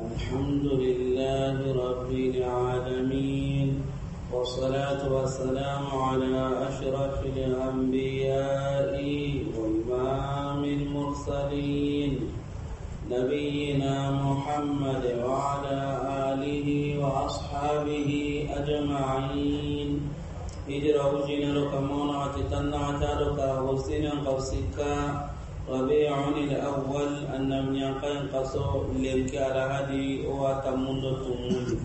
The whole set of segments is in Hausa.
الحمد لله رب العالمين والصلاة والسلام على أشرف الأنبياء وإمام المرسلين نبينا محمد وعلى آله وأصحابه أجمعين هجر لك مونعة تنعة لك وسنة قوسكا rabi'un al-awwal annam yaqan qaso lil kara hadi wa tamundu tumud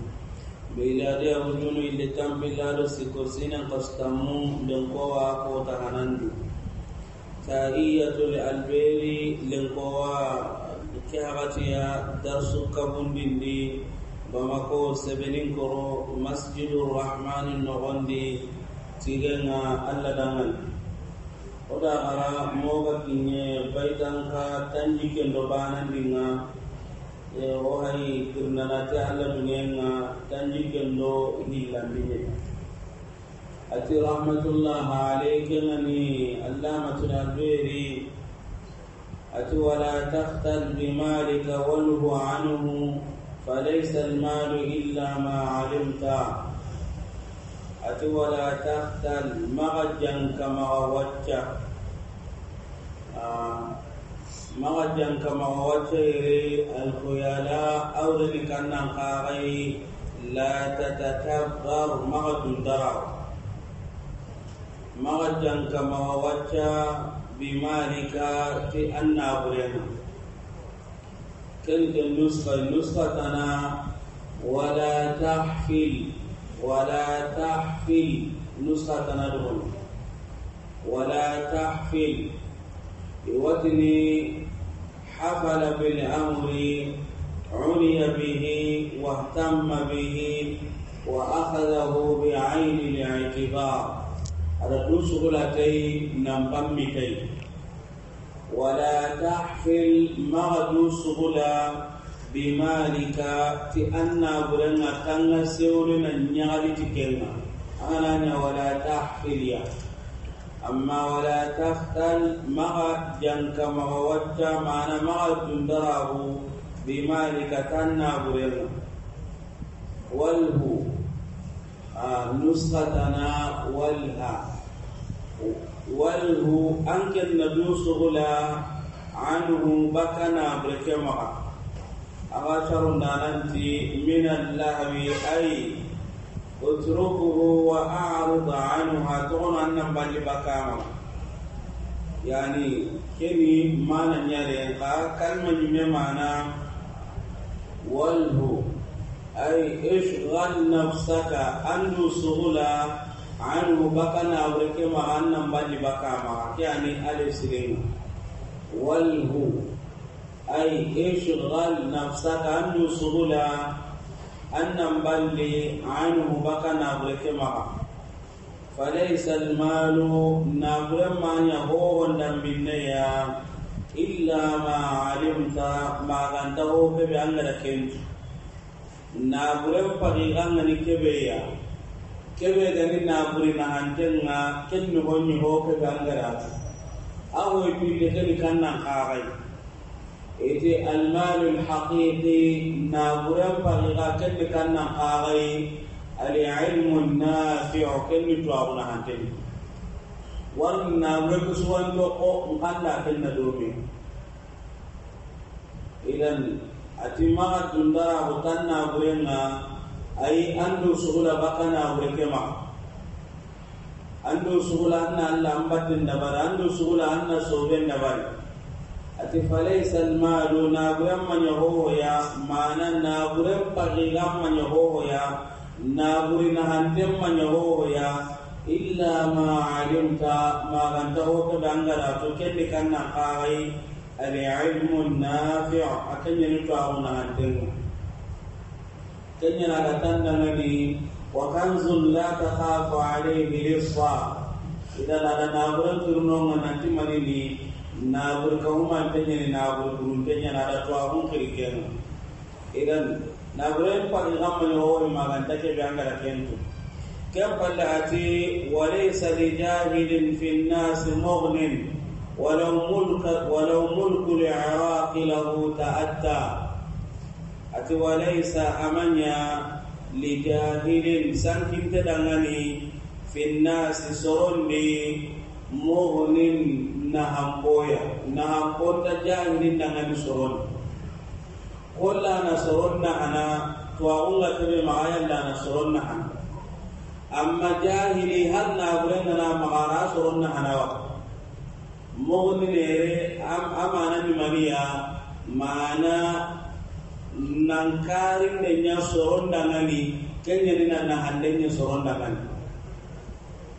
bila dia wujunu ila tambila sikosina qastamu dan kowa ko tahanandu tahiyatul albayri lil kowa kihabati ya darsu kabun bindi bamako sebenin koro masjidur rahmanin nogondi tigenga alladangal Thank oda gara moga kinye baitan ka tanji kendo banandinga e o hay tirnanate alla dunenga tanji kendo hillandine ati rahmatullah alayka nani allamatul alberi ati wala takhtal bimalika wanhu anhu فليس المال إلا ما علمته ati wala tahtal maga janka maga wacca maga janka maga wacca iri alkhuyala awdani kannan kagai la tatakabbar maga dundaraw maga janka maga wacca bimalika ti anna burena كنت النسخة النسخة أنا ولا تحفل ولا تحفل نسخة ندهن ولا تحفل وتني حفل بالأمر عني به واهتم به وأخذه بعين الاعتبار هذا نسخة لتي ولا تحفل مغدو سهلا بمالك في أن أبرنا تنغى سورنا نغالي تكلنا أنا ولا تحفل يا أما ولا تختل مع جنك ما وجه معنا مع جندره بمالك تنغى أبرنا والهو آه، نسختنا ولها والهو أنك النبي صغلا عنه بكنا بركمها aga sharundananti من allahwi أي اتركه وأعرض عنها تغن ان بل بكاما يعني كني ما نيالين كلمه كلمة معنى والهو أي اشغل نفسك أن سهولا عنه بكنا وركما أن بني بكاما يعني ألف سليم والهو ay ishghal nafsaka an yusbula an namballi anhu baka na gureke maka falaysa almalu na gure ma nya ho wonda minne ya illa ma alimta ma ganta ho be be an da kenju na gure pari kan gani kebe ya kebe da ni na gure na hanje nga kenno ho ni ho ke gan gara a ho ipi de ke kan na kha إذا المال الحقيقي ما غرب لغا كلمة كان قاغي العلم النافع كلمة توابنا هانتين وانا غرب سوان توقو مقالا كلمة دومي إذن أتماع الدندرة وطنا غرينا أي أندو سهولة بقنا غريكما أندو سهولة أن الله أمبت النبار أندو سهولة أن سوبين نبار أندو ati falaysa almalu naguren mañohohoya mana na pagigan mañohohoya nagurina hanten hohoya illa ma alimta maganta hoto dangarato kenni na kaxay alilmu nafi a keñeni to axuna hantenga keñenaga tandangani wa kanzun la taxafu alayhi lissa idan ada naguren turnonga nanti ni. nabur kahuma ni nabur kurun penyana ada tua hun kirikiano idan nabur en pagi kamma ni ho ma gan take be angara kentu kam palle ati walaysa li jahilin fi nas mughnin walau mulk walau mulku li aqilahu ta'atta ati sa amanya li jahilin sankin tadangani fi nas sorondi mughnin nahampoya nahamponta jahili nangani sorona kolla na soronna hana twaxunga teɓe maxaya ndana soronna hana amma jahili har naburengana maxara soronna hanawa moxoninere amana mania mana nankarinne ña sorondangani kenñanina nahandenñe sorondangani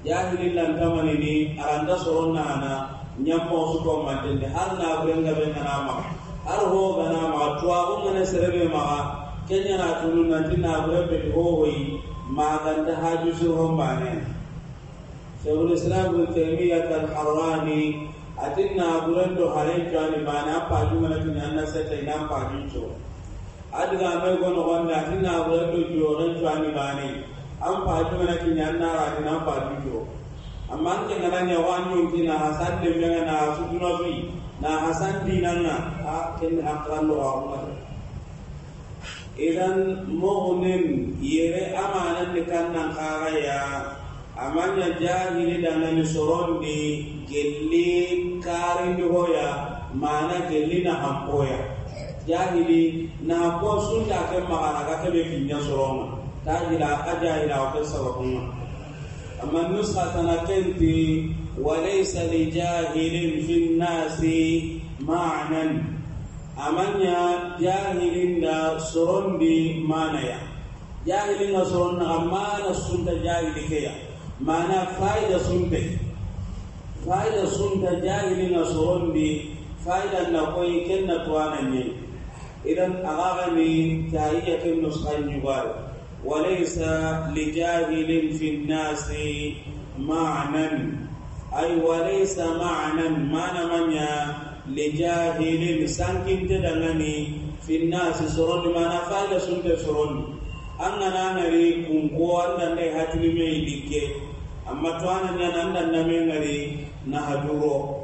jahili lantamanini aranta soronnahana ñampon suto mattende har na benga benga gana maga har ho gana maga tuwaɓu gane serebe ma kenya na tunu nanti na bure hoyi ma maganta haju ho mane sheikhul islam bin taymiyat al harrani atin na jani mane apa ju mane a na sete na pa ju to adiga mai gono gonde atin na buren do juoren ju mane an na ra ratina pa ju to amman ke ngana nya wa nyon ti na hasan de me ngana su duna fi na hasan di nah, nanga a ah, ken akran do wa idan mu'min yere amana de kan na kara ya amanya jahili dana ni sorondi gelli karindi ya mana gelli na ya jahili na hampo sunta ke magana ka ke be kinya soronga tajila ka jahila sawa kuma أما النسخة نكنت وليس لجاهل في الناس معنى أمنيا جاهل دا سرون دي مانيا جاهل دا سرون أمانا سنت جاهل كيا معنى فايدة سنت فايدة سنت جاهل دا سرون دي فايدة نقوي كنة وانا نين إذا أغاغني تاهية النسخة نيوارد وليس لجاهل في الناس معنى أي وليس معنى ما من لجاهل سنكين تدغني في الناس سرون ما نفعل سنك سرون أننا نري كنقوة أننا هاتني ميديك أما توانا نانا نمي نهدورو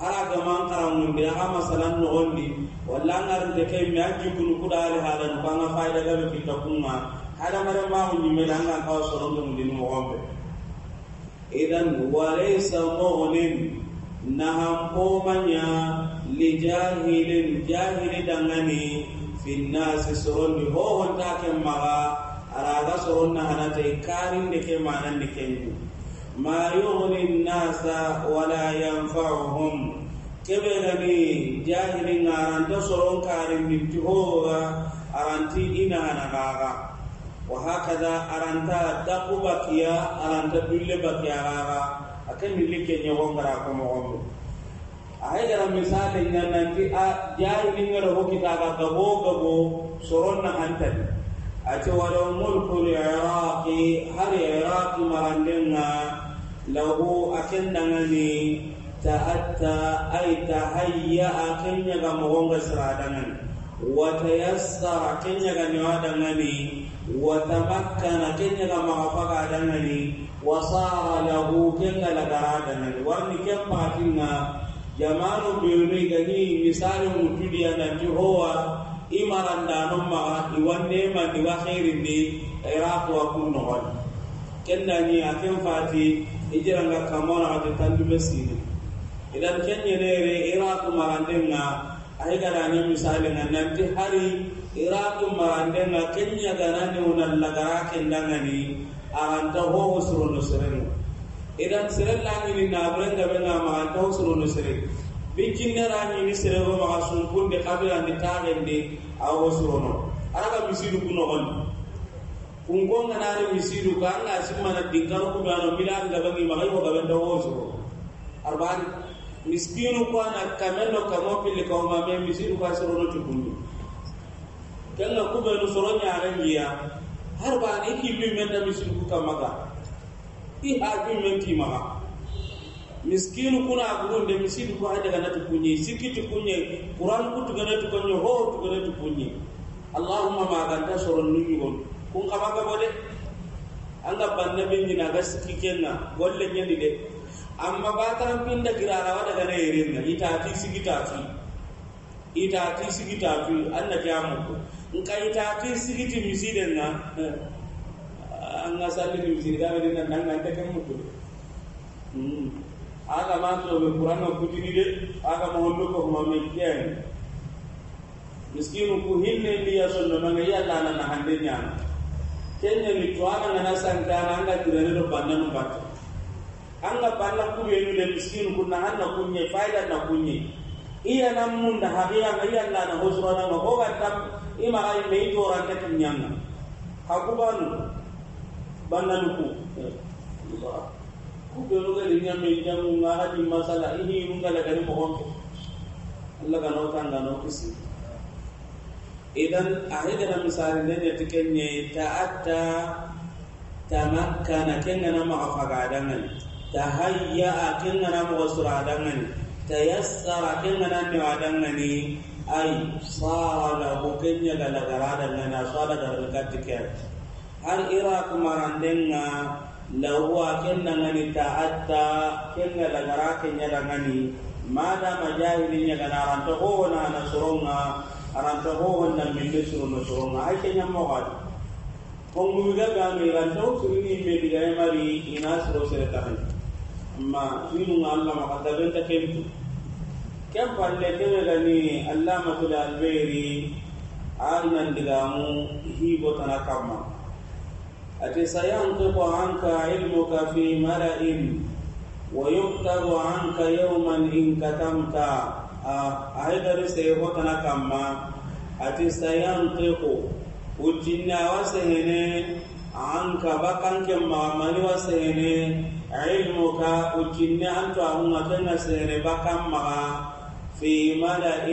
hara gaman karangundi aga masalan nogondi walla angarinte ke mi a jikkunu kuda ali halani ko anga fayida gabe kitta kunga hadamaren ma mun yimme kawo soron da mun idan walaysa mughnin nahan manya lijahilin jahili dangani finnasi soron di ken maga araga soron na hanata ikarin da ke manan da ken ku ma yughni nasa wala yanfa'uhum kebe gani jahilin aranta soron karin binti howa aranti ina hanagaga wahakaza aranta dakubakiya aranta dulle bakiya rara akan dulle ke nyawon gara ko mo wombe a hayara misalin nan nan ti a jaru din gara ko kita ga gabo gabo soron nan anta a ce wala mulku iraqi har iraqi maranden na lahu akan nan ne ta hatta ai ta hayya akan nyaga mo wonga sira dan nan wa tayassara kenya ga nyawa dan nan ne وتمكن كن لما غفق دنني وصار له كن لقرا دنني ورني كن باتنا جمال بيوني غني مثال مجدية نجي هو إمران دانو ما إواني ما دوا خير دي إراق وكون نغل كن داني أكن فاتي إجران كمان عدد تندو بسيني إذا كن ينيري إراق مران دمنا أي غراني مثال أنا نمتي iraku maande nga kenya gana ne unan lagara kenda ngani aranta ho usuru nusren idan siren la ni nabren gabe nga maanta usuru nusren bikinne rangi ni sere go ma sunkunde kabila ni tagende aw usuru no araga misidu kuno on kungonga nare misidu ka anga simmana dingkar ku bana milan gabe ngi magai ho gabe dawo usuru arban miskinu ko na kamendo kamo pili ko ma be misidu ka suru no chukundu kenga kubenu soro ñarengiya har bane i killuy men da miskin ka maga i hajuy men timaxa miskinu kuna gurunde miskin ku a daganati kuñe sikkiti kuñe quran ku tuganati koñe ho tuganati kuñe allahumma maganta soro nu ñugon kun ka bo an anga banna bin ñina ga sikki kenga golle ñani de amma bataran pinda girarawa dagana yerenga itati sigitati itati sigitati anna jamuko nkaita ati sigiti misiden na anga salli misida wani na nan nan ta kan mutu hmm. aga ma to be qur'an ko kutini de aga ma hollo ko ma me ken miskinu ku hinne liya sonno manga ya lana na hande nyana kenya ni to na na santa anga tirane do banna no batte anga banna ku be ni miskinu ku na hanna kunye faida na kunye iya nan mun da haqiqa iya lana husrana ko ga imara me to ranke kinyanga hakubanu bananuku ya. ku be no gari nyame jamu ngara di masala ini ngala gari mo honto Allah kanu kan dano kisi idan ahidana misali ne ne tikenye ta'atta tamakkana kengana ma afagadangani tahayya kengana mo suradangani tayassara kengana ne wadangani an tsara ko ya la da garada na na sala da rikatike har ira kuma na la huwa kenna ngani ta'atta kenna la garaka nya da ngani mada majahili nya da ranto kowane na na suronga ranto ko na mili suru na suronga ai kenya mo ga ko mu ga ga ranta ranto ne mai me ya mari ina suru da ta ma yi nuna ma a da benta kentu ken palle kene gani allamatul albeiri an nandigamu hibotana kamma ate sayantiqu anka ilmuka fi mara'in wa yuktabu anka yawman in katamta ahidari sehotana kamma ate sayantiqu ujinna wasehene anka bakanke mamani wasehene ilmuka ujinna antu ahunga kenga sehene bakan maga في ملأ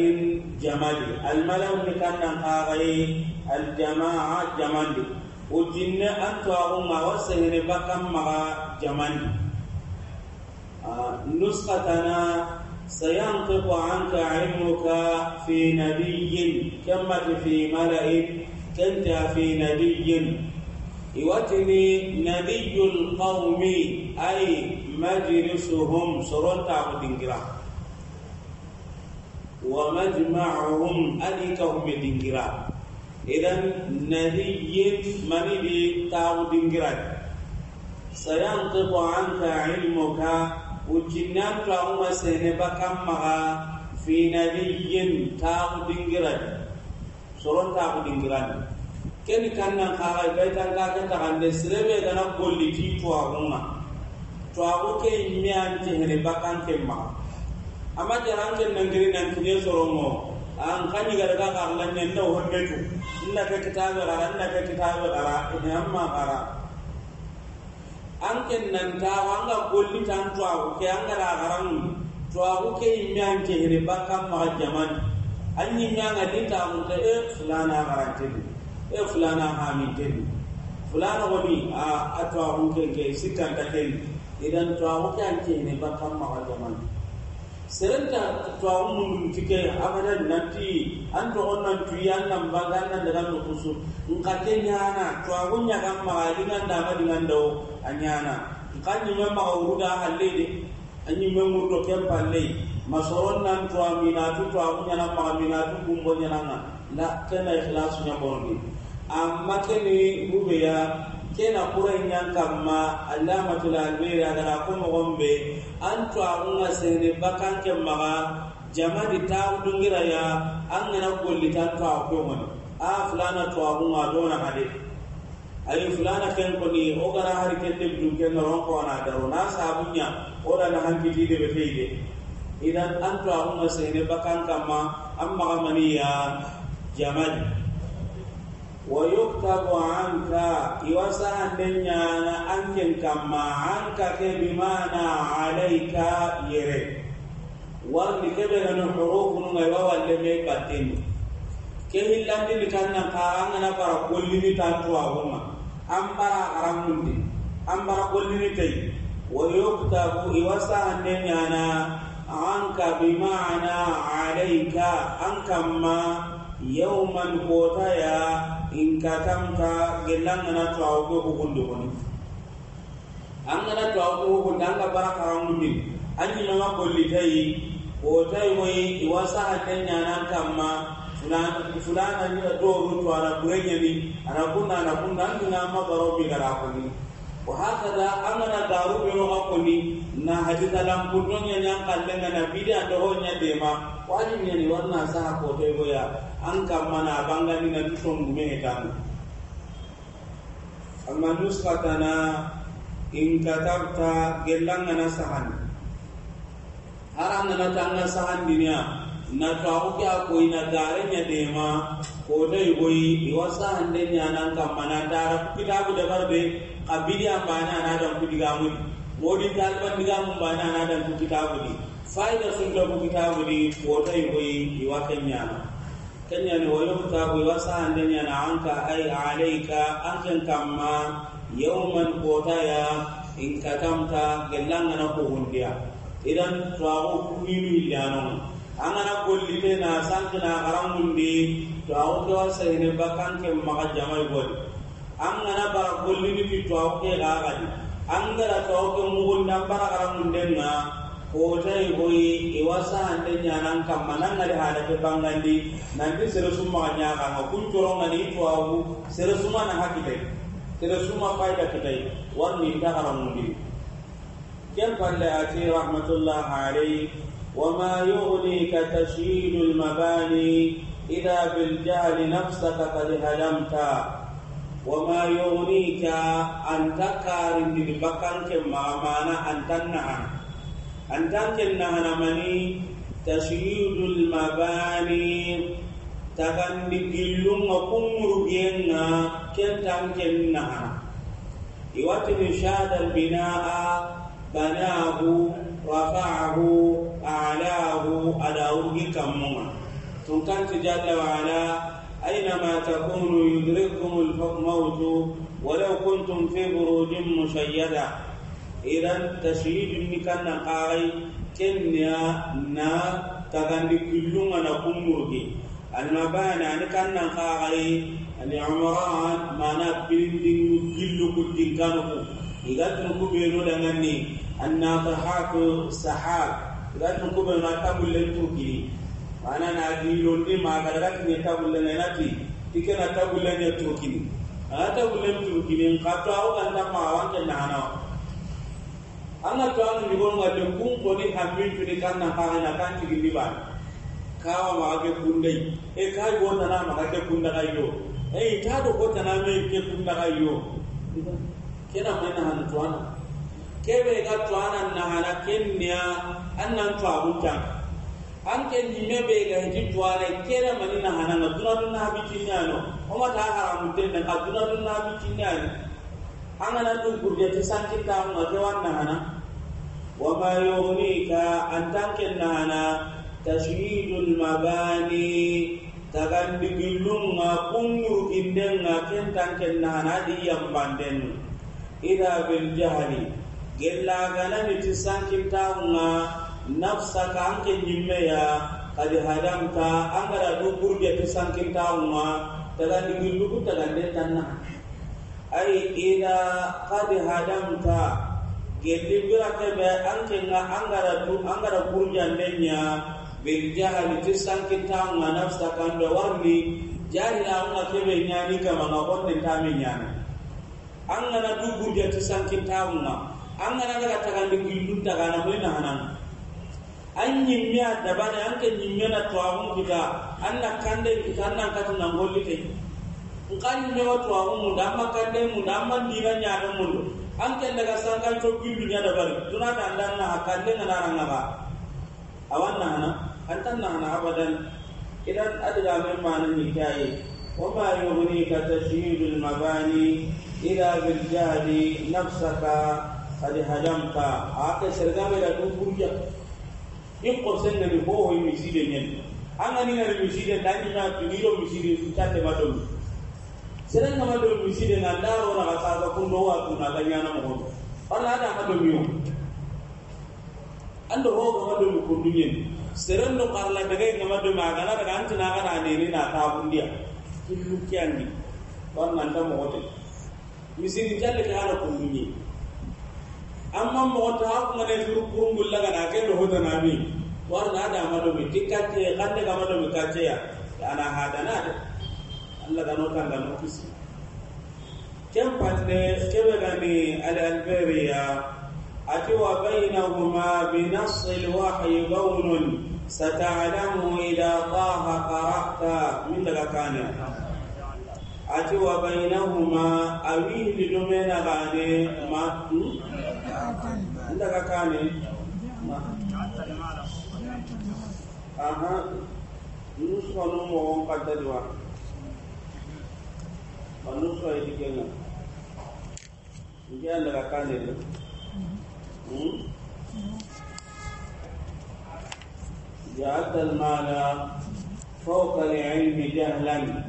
جمدي الملأ كان هاي الجماعة جمدي وجن أنت أمة وسهر بكم مغا جمدي آه، نسختنا سينطق عنك علمك في نبي كما في ملأ كنت في نبي يوتني نبي القوم أي مجلسهم سرطة عبد wa majma'uhum adikahum dingira idan nahiyyin mani bi ta'u dingira sayanqitu anka ilmuka ujinnan ta'u umma sene bakam maga fi nahiyyin ta'u dingira soron ta'u dingira ken kannan kaga baitan ka ka de sirebe dana golliti to agunga to agu ke imyan te hene bakan ke ma. amma jara an nan gari nan kuje sorongo an ga daga karlan ne na honne to inda ka kitabe gara inda ka kitabe gara ina amma bara an ken nan ta an ga golli tan tuwa ago ke an gara garan tuwa ago ke mi an ke hire ba kan ma jaman an yi nya ga ta mun ta e fulana garante ne e eh, fulana hami ne fulana wani a atwa hukken ke sitan ta ke idan tuwa ago ke an ke hire ba kan ma jaman serenta twaxu mundumuti ke abada nanti an toxo nantuyi an nambaga an nandada noxusu nxa ke ñana twaxu ñagan maxa dingandama dingandawo a ñana nxa ñime maxa wuruda halley de a ñime ŋurdo ken palley masoron nan twa minatu twaxu ñana maxa minatu gumbo na la kena ixlasuña bonondi amma keni muɓeya kena kuren yankamma allamatul alberi adara ko mogon be an to agun ga sene bakanke maga jamadi taxudungira ya an gana gollitan to a kongoni a fulana to agun ga dona hade ayi fulana ken koni o gana hari kelle dun ken noron ko ana daro na sabunya o da na hankiti de be feide idan an to agun ga sene bakankamma an maga jamadi ويكتب عنك يوسع دنيانا أنك كما عنك بمعنى عليك يري warni kebe gano horo kunu ngai wa walle me batin ke hillandi ni kanna ka angana para kolli ni tantu agoma ambara aramundi ambara kolli ni tay wa yuktabu iwasa annenya na anka bi ma'ana alayka ankamma yawman kota ya in ka kam ka gellan ngana to aw ko ko gondo koni an ngana to aw ko ko danga bara ka ramu min an yi ma ko li tai ko tai moy iwasa hakan nyana kamma fulana fulana ni do ru na ara ko nyani ara kunna ara kunna an ngama baro bi gara a ni وهكذا أمنا دارو بمغاقني نهجد لنبطن ينقل لنا نبيد أدهون يديما واجب يعني ورنا ساها كوتيبو يا أنك منا بانغاني نبسون بمهتان أما نسختنا إن كتبت جلنا نسحن هرعنا نتعنا سهن دنيا نتعوك أكوين دارين يديما kodai goyi nan hande nyanan kamana dara bu da barbe kabili ambana diga mu modi talban digamu ku anadan bu ni faida sun da bu ni kodai goyi iwakan nyana kanya ne wayo kitabu iwasa hande nyana anka ai alaika ankan kamma yawman ya in katamta gellanga na ko hundiya idan tawo kuni milano angana gollite na sankina haramundi to awo kewa bakan ke maga jamai godi angana bara gollini fi to awo ke gagadi angara to awo ke mugundi an bara haramunden na kotai hoyi iwa sahande ñanan kamma nangadi hadake bangandi nanti sere summaga ñaganga kuncorongani to awu sere suma na dai sere suma fayda kitai warni nta haramundi ken palle ati rahmatullah alayh وما يغنيك تشييد المباني إذا بالجهل نفسك قد هدمت وما يغنيك أن تقارن بالبكر ما معنى أن تنعى أن تنعى مني تشييد المباني تغني جلوم وكمر بينا كن تنعى يوتن شاد البناء بناه رفعه أعلاه على أوجك مما تنكنت جل وعلا أينما تكونوا يدرككم الموت ولو كنتم في بروج مشيدة إذا تشييد نكنا نقاي كنيا نا تغني كل أنا كلنا نكمرجي المبانى أن قاري العمران معناه بلدين كل كل كانوا إذا تنكبينو لغني الناطحات سحاب dan ko na tabul tuki ana na di ni ma ga ga ni tabul len na ti tike na tabul ya turki ana tabul len ni ka to aw kan ta ma wan ta na na ana to an ni gon ga de kun ko ni hamin tu ni kan na ka na kan ti ni ba kawa ma ga kundai e ka go ta na ma ga kunda ga yo e ta do ko ta na me ke kunda ga yo kena na han tuana kebe ga tuana na hana kenya an nan tuwabunta an ke dime bai ga hiji tuware kera mani na hananga duna duna a nyano kuma ta haramu tenda ka duna duna habiti nyano an gana dun gurje ta sanke ta mu wani na hana wa ma ka an tankin na hana tashidul mabani tagandi ma kunnuru indenga ken tanken na hana di yambanden ida bil jahali gella ganani ti sankin ta mu nafsaka anke jimmeya kadi hadamta angara du burge ti sankintawuma tagandigi lugu taganden tanna ay ina kadi hadamta gelli bira kebe anke nga angara du angara burjandenya bil jahali ti sankintawuma nafsaka ndo warni jahilawunga kebe ñani kama nga gondentame ñani angana du burje ti an angana daga tagandigi lu tagana moyna an ñimmea dabane an miya na twaxum kita an na kande kita an nan kati nangolli te nka ñimmewa mu da an ma kande da an ma ndiga ñaame mundu an ke ndaga sankan co gilluña dabari dunata andan naxa kande nganarangaxa awan naxana na naxana abadan idan adigamen mana ñikke aye وما يغنيك تشييد المباني إلا in korsen na mi hoho mi sire nyen angani na mi sire dani na tuniro mi sire sutande madon sedan kama do mi sire na daro na kasa ko kundo wa tuna ganya na mo wala da ma do mi yo ando ho ga do mi kundu nyen sedan no karla daga ngama do ma gana daga antuna kana a ni na ta a killu kyandi wannan da mo hote misiri jalle ka ala kundu nyen amma mɔgɔ ta ha kuma ne zuru kurungul laga na ke do hota na Wani n'a da ma do mi dikate kande ga ma do mi kace ya ana na de Allah ga no kan da no kisi kem patne kebe ga ni al alberia ati wa bainahuma bi nass al wahyi bawnun sata'lamu ila taha qara'ta min daga kana ati wa bainahuma awili lumena gane ma hmm? Anda kakani Aha Nuswa nungo wongka jadwa Manuswa ini kena Ini anda kakani Jatal hmm? mala Fauka li'ilmi jahlan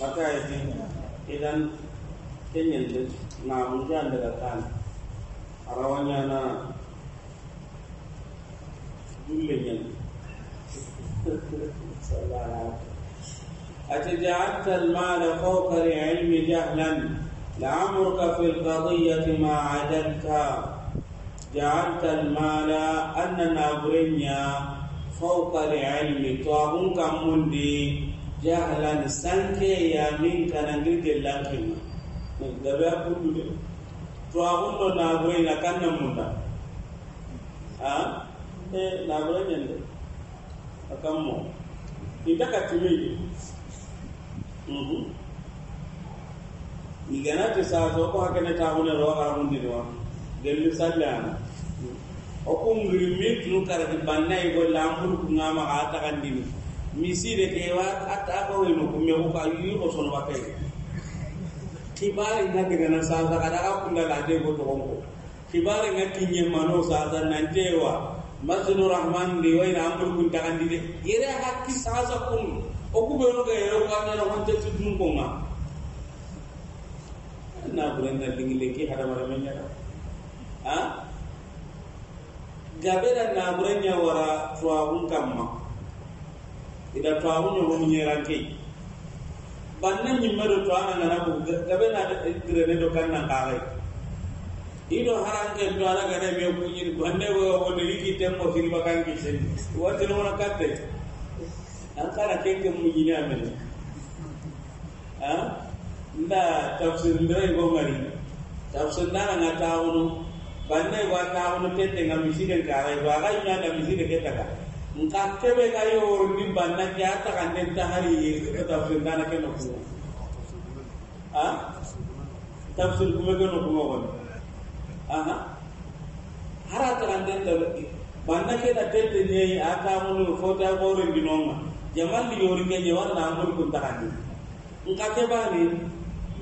Maka itu Idan Kenyal Nah, mungkin anda kakani arawañana dulle ñan أتجعلت المال فوق العلم جهلا لعمرك في القضية ما عدلت جعلت المال أننا برنيا فوق العلم طاغون كمندي جهلا سنكي يا منك نجد اللقمة ده بقى كله to agundo na a na kanna munda ha e mm-hmm. na goy nyende akammo ka timi mhm gana te sa so ko hakene ta hune ro ha mundi do gelli sallana o ko ngiri mi tunu kara ke bannai go lamburu ku ngama ka ta misi misire ke wa a ko ino ku me ko yi ko sonu wa kai kibari na na sasa kada akunda late go to gongo kibari na kinye mano sasa nantewa masinu rahman de na amul kun tagandi de yere ki sasa kun o ku beno ga yero ka na honte tudun ko ma na buren na dingle ki hada mara men ya ha gabera na buren ya wara tuwa kun kamma ida tuwa kun yo mun yeran kai banna ñimmeɗo to ana ngana ko gaɓena tirene do kanna kaxay iɗo haranken to ala gana me kuñin ko ande wone wiki tengo sirba kanki sen watinona katte an kana kenke muñini amen a nda tafsirndiray go ngari tafsirndana nga taxunu bannay wa taxunu tette nga misiden kaxay to axa ñada miside ke taga nka kebe ga yorni banna ke a taganden tahari tafsir tafsirndana ke nokumo a tafsir kume ke nokumo wani aha hara taganden ta banna ke da tete ñeyi a tamunu fota gorendinonga jamalli yori ke je warna amuri kun tagandi nka kebani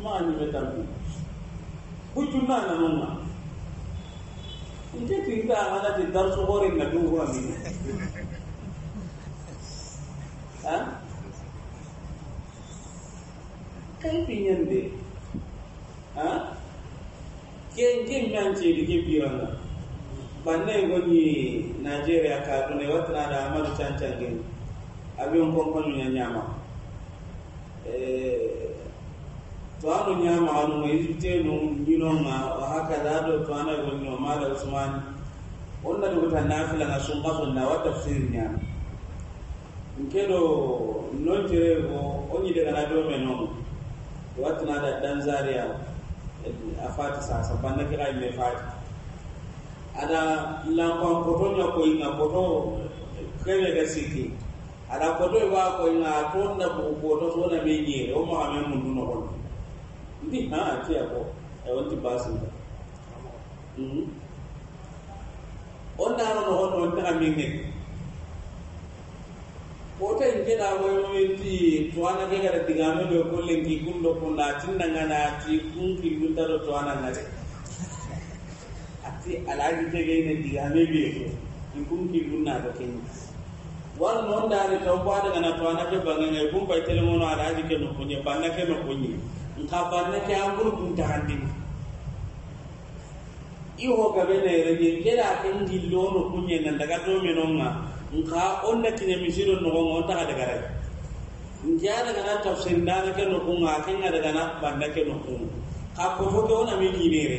maanime tambi huccunna nanonga nte tinta anati darsu gorenga dungura mini de? ha kaifiñande ha ken ken kancedi ke biranga bannayi goni Najeriya kaduna ya da can amadou cancangen avion compagnie ya nyama, eh, to nyama ano ñama anuma ma? ñinonga haka za ɗo to ana gonnio maɗa ousmane on naɗogota nafilanga na wata wa tafsir nyama. nkeɗo nontirego o ñiɗegana dome noon wattunaɗa danzaria eh, a fati sasa bannake ka yimme fati aɗa lampan poto ñakkoyinga poto siki ada aɗa poto wa koyinga a ko bugu to tona me ñeere o ma me mundu ko ndi a tiya ko e eh, wonti basinga mhm. o naro noxon on ta mi ne koten ke da mo minti to ana ke ga diga me do ko len ki kun do kun da tin nan na ti kun ki mun da to ana na de ati alaji te ge ne diga me bi ko ki kun ki mun na do ken wal non da ni to ba daga na to ana ke bangen ne kun bai tele mo na alaji ke no kunye banna ke no kunye in ka banna ke an gur kun ta handi iho gabe ne re ke da kin dillo no kunye nan daga do me nka onna kinya misiro no ngon ta daga rai ngiya daga na tafsirin da ke no kun ga kan ga daga na banda ke no kun ka ko to ko na mi ni ne re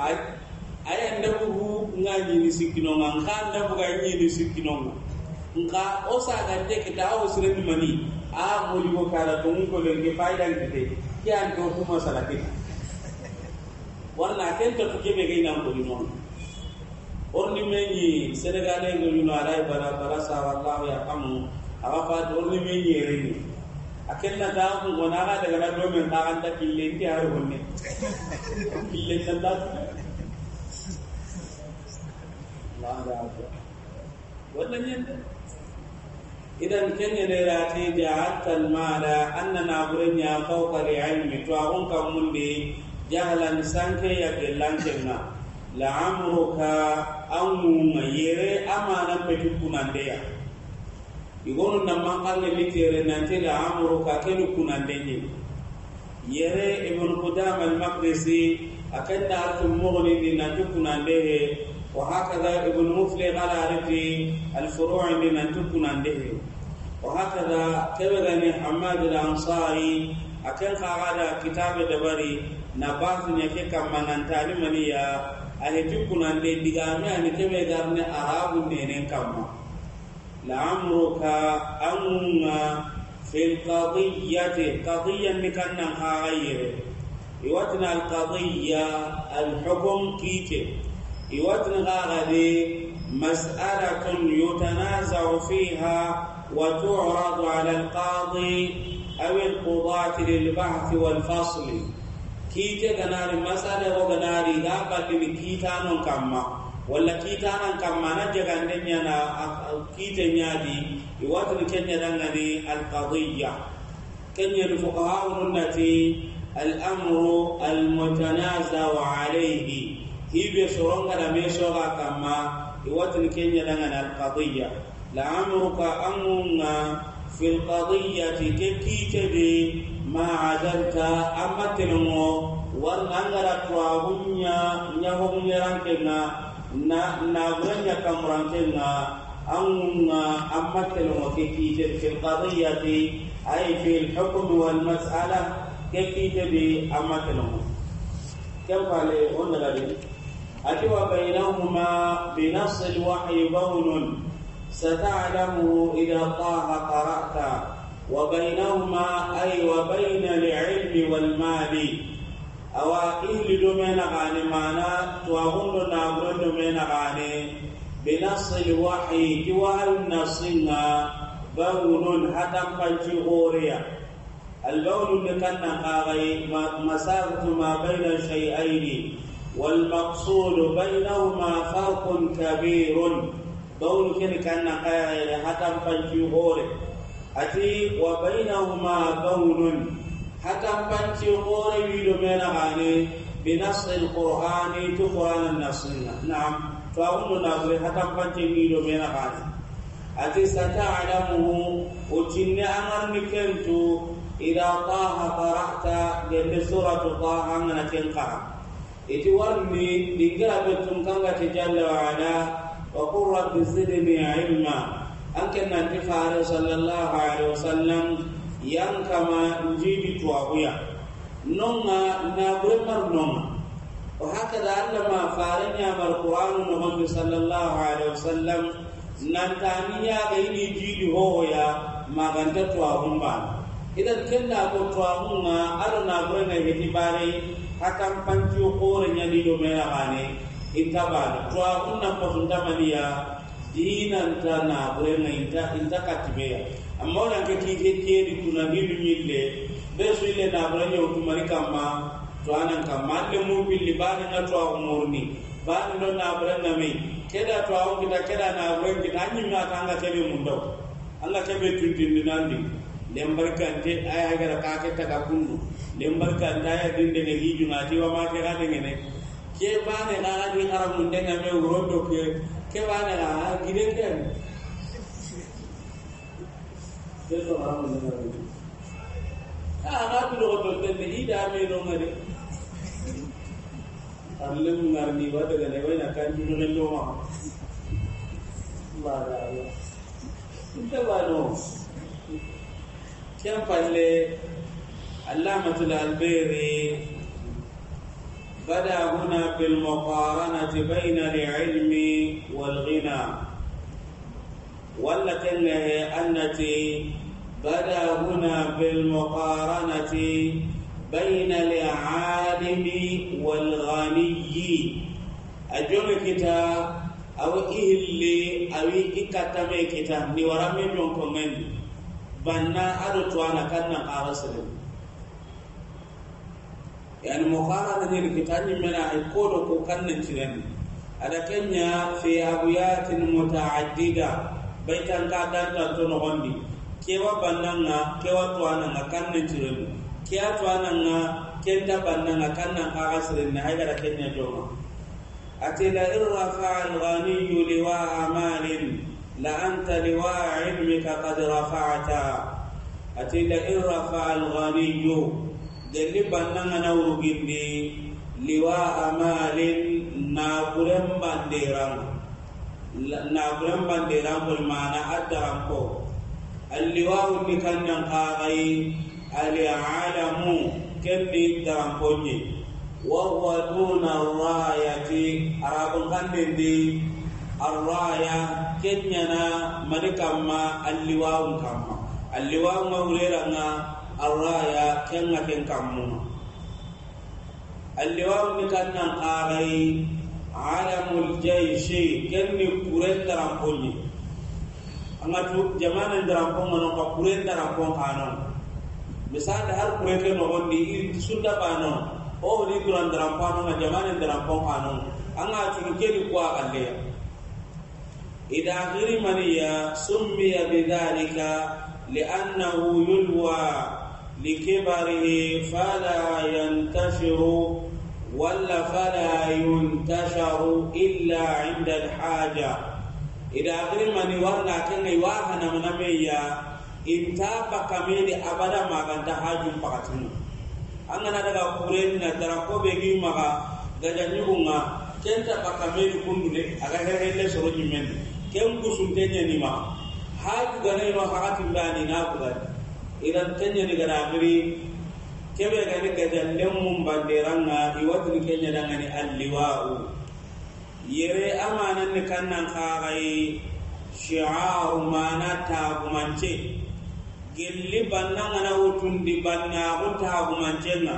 ai ai anda bu nga ni ni sikino nga kan da bu ga ni ni sikino nka o sa ga de ke ta o sire ni a mo li ko kala to ngi ko le ke faidan ke te ki an to kuma salati warna kenta to ke be ga ina ko ni no orni menyi senegale ngo yuno alai bara bara sa wallahu ya kamu awa fa orni menyi rini akenna da ku gona ga daga na do men ta kan ta killen ti har honne killen nan da Allah da wannan yanda idan kenya ne rati ja'atal mala annana gurin ya fawqa li ilmi to agun kan mun de jahlan sanke ya gelankenna la'amruka angu mayere amana petu kunandeya igonu namma kalle litere nante la'amruka kenu ne. yere ibn qudam al-maqdisi akanna arfum mughni ni nantu kunandehe wa hakadha ibn muflih ala arfi al-furu' ni nantu kunandehe wa hakadha kabadani hamad al-ansari akan qagada kitab dabari na basu ne ke kamanantani maniya ahe jukkunande digame ani keɓe garne arabu nenen kamma laamruka angunga fi lqadiyati qadiyanni kannan haxa yere iwatina alqadiya alxukum kiite iwatina xaxade مسألة يتنازع فيها وتعرض على القاضي أو القضاة للبحث والفصل kiite ganari masale o ganari ga ballini kiitanon kamma walla kiitanan kamma na jegande ñana kiite ñaadi i watini kenñadangani alqadiya kenñeni fukahaununati al'amru almutanazau alayhi hiɓe na me soga kamma i watini kenñadangani alqadiya la amruka amunga fi lqadiyati ke kiitede ma adanta amma telengo warna angara tuagunya nyahogunya rangkenga na na guranya kamurangkenga angunga amma telengo kekite fil qadiyati ay fil hukm wal mas'ala kekite bi amma telengo كم قال هون غادي أتي وبينهما بنص الوحي بون ستعلمه إذا طه قرأت وبينهما أي وبين العلم والمال أواقيل دمين غاني مانا تواغن نابرن دمين غاني بنص الوحي كوال نصنا بول حتى قنشي غوريا البول لكنا قاغي مسافة ما بين شيئين والمقصود بينهما فرق كبير بول كنا قاغي حتى قنشي ati wa bainahuma bawnun hatampanci hore wido mena gane bi qur'ani tu qur'ana nasina na'am to umu nazri hatampanci wido mena gane ati sata'lamu utinna amarni kentu ila taha qara'ta gembe suratu taha ngana tenkara iti warmi dingira betum kanga te wa ala wa qur rabbi zidni ilma An anke nanti fara sallallahu alaihi wasallam yan kama njidi tuahuya nonga na non wa oh, haka da Allah ma fare nya mar qur'anu muhammad sallallahu alaihi wasallam ni ya ga ini jidi hoya maganta tuahun ba idan kella ko tuahun ma ar na gurena hiti bare hakan panci ko renya ni do mera bane intabana tuahun na pasuntamaniya dinanta naɓurena inta katimeya amma wonanke kike kedi tunanilu ñille ɓe suille naɓureñewo tumani ma to anan kamma alle mum pilli na to a umurni bani na naɓurenna mey keɗa to awo kita na naɓuren kita a ñimmata anga keɓe na daw anga keɓe tuntindinandi a aya gara ka ke kettaga kundu lembarkante aya dindene hijunati wamake ma ke Ke na bane gaɗi haramundenga me wuroɗo ke كيف انا جنين كام دلو رام زمان اه ما كل غبل تنهي دا مي نو مري اللهم نرني ودا دا وين كان جنون اللوما الله لا انت بانو كم قال لي علامة الألبيري بدا هنا بالمقارنه بين العلم والغنى ولكن كلها التي بدا هنا بالمقارنه بين العالم والغني اجل كتاب awo ihilli awi ikatame kita ni warame nyon ko ngendi banna ado twana kanna qara sallam yani mo kana na ni kitani mena ay ko do ko kanne tirani ada kenya fi abuyatin mutaaddida baitan ka dan ta to no gondi kewa bananga kewa to ananga kanne tirani kewa to ananga kenta bananga kanna ka gasrin na ay da kenya joma ati la irrafa al-ghani liwa amalin la anta liwa ilmika qad rafa'ta ati la irrafa al-ghani gelli bannangana wurugindi liwa amalin naguren banderango naguren banderangol Wani addaranko alliwawu ni kannan kaxayi alialamu kenni darankoye wahuwa duna rayati arabun kandendi arraya kenyana mani kamma alliwawun kamma alliwawun ma wureranga arraya kenga ken kammunga alliwaru ni kannan karai alamul jaishi kenni kuren taramponni angatu jamanan tarampon ngano ka kuren tarampon kanon misal har kuren ke nogondi i sunda banon o ni duran tarampon ngano jamanan tarampon kanon anga tun keri kwa kalleya ida ghirimaniya summiya bidhalika li'annahu yulwa لكبره فلا ينتشر ولا فلا ينتشر إلا عند الحاجة إذا أغرم يوارنا كن يواهنا إن انتابا كميل أبدا ما كان تحاجم فقطنه أننا دقا قرين نترى قبه مغا gajanyugunga kenta bakameli kundude aga herhelle soro ñimmen ken kusunteñanima ha juganayno hakatin bani na bugani idan kenya ni gara giri kebe gani gajallen mun banderanga ni kenya gani alliwa'u yere amanan ni kannan kagai shi'aru mana tagumance gelli bannanga na wutundi ta tagumancenga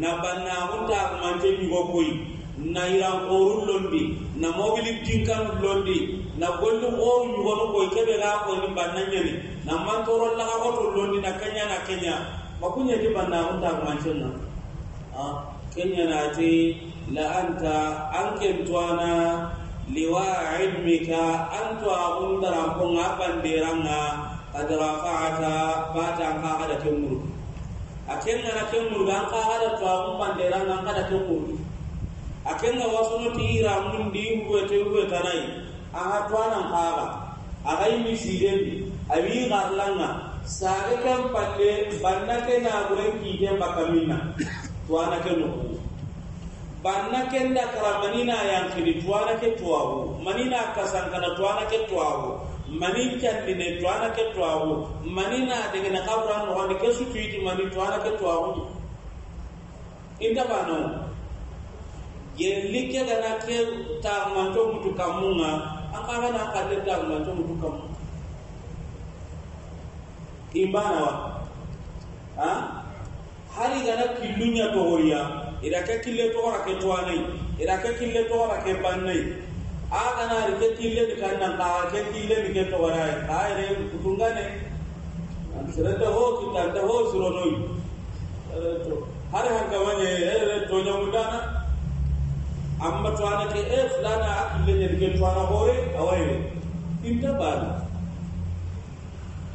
na bannagun tagumance yugo koi. na yiran korun londi na mobili dinkan londi na gollu oru wono ko kebe ga ko ni bananya ni na man toro la ga to londi na kenya na kenya makunya di banna mun ta mancin na a kenya na ti la anta anke twana liwa ilmika antu abun daram ko ngaban deranga kadra fa'ata bata ka hada kemuru akenna na kemuru ga ka hada to na banderanga kada kemuru akenga wasono tiira mundi huwete huwetanai aha twanan kaga agai misidemi abi garlanga sage ken palle banna ke baka kiiten bakaminna twana ke nuku banna ken dakara manina yankini twana ke twawu manina kasankana twana ke twawu mani candine twana ke twawu manina degena kabran nogondi ke sutuiti mani twana ke twawu ba banowo yelike gana ke taxumanto mutu kamunga akara na gana ta taxumanto mutu kammu imana wa ha hari gana killunya toxoriya ira ke kille toxora ke tuwanai ira ke kille toxora ke bannai a gana ri ke kille ni kannan kaa ke kille ni ke to toxorai kaa yere kutungane serete ho kitante ho sironoyi har hankamanye to nyamudana amma to ke e fulana akille ne ke to ana hore ni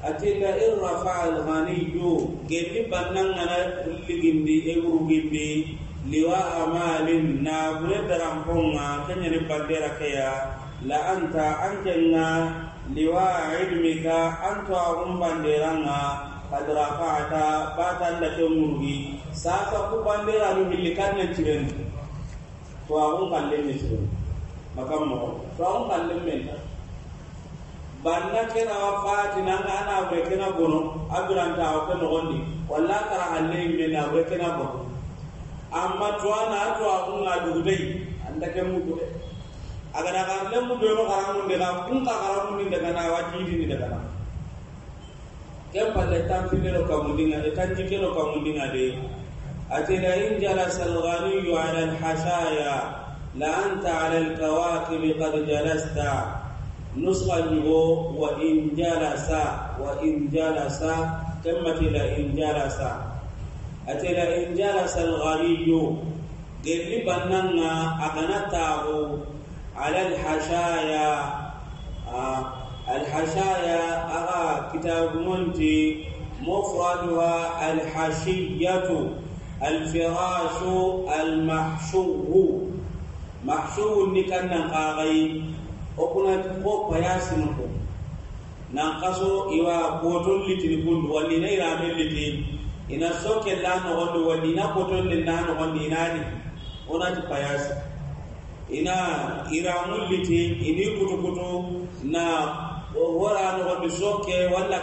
A ce atinda in rafa'a al yo, gelli bannan ngana ligindi e wurugindi liwa amalin na gure da honga ta ne bandera kaya an anta ankenga liwa ilmika a agum banderanga kad ba ta da ke sa sasa ku bandera no hillikan ne ni to akun kallen ne sirri makam mɔgɔ to akun kallen men ta banna kena fati nan ga ana bre kena gono abiran ta ko no gondi walla tara halle men na bre kena gono amma to ana a akun na a anda ke mu a aga da kan lemu do no mun de ga kun ka karamun de ga na wajidi ni daga na kem palle tan fi de no kamudinga de tan jike no kamudinga de أتلئن جلس الغني على الحشايا لأنت على الكواكب قد جلست نسخة وإن جلس وإن جلس كلمة لئن جلس أتلئن جلس الغني قريبا بننا أغنته على الحشايا آه، الحشايا أغا كتاب منتي مفردها الحشية الفراش المحشو محشو نكنا قاغي وكنا تقوى بياسنك نقصو إوا قوتل لتنكون ولنا إرامل لتن إنا سوك الله نغل ولنا قوتل لنا نغل إناني ونات قياس إنا إرامل لتن إني قوتو قوتو نا wora نغد سوك walla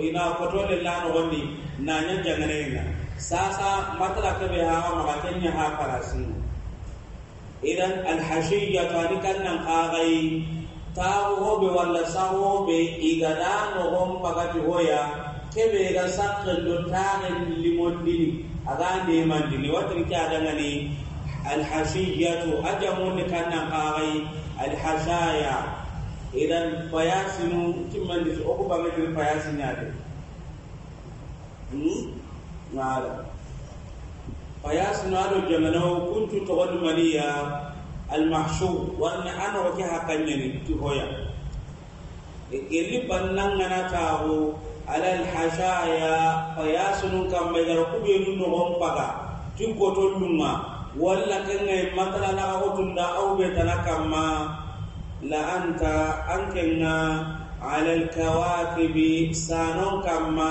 إنا قوتل kotole la nogondi na sasa matala ta bai hawa ma ya haka ha idan alhashi ya to ani kan nan ta ruho be walla sa ho igada no hom bagati hoya ke be ga sakin do ta limon dini aga ne man dini watin ke aga ngani al hashiya to ajamun kan nan ka gai al hashaya idan fayasinu timman dis okuba ngir fayasinya de hmm? maada fayasnalo jamanau kuntu togodu maniya almahshu warni anogo ke hakkanñani tuhoya geli bannangana taago ala alhashaya fayasunun kamma igara kuɓenu nogon paga tinkotollunga walla kengai matala nagagotunda au ɓetana ma la anta an ala alkawakibi sanon kama.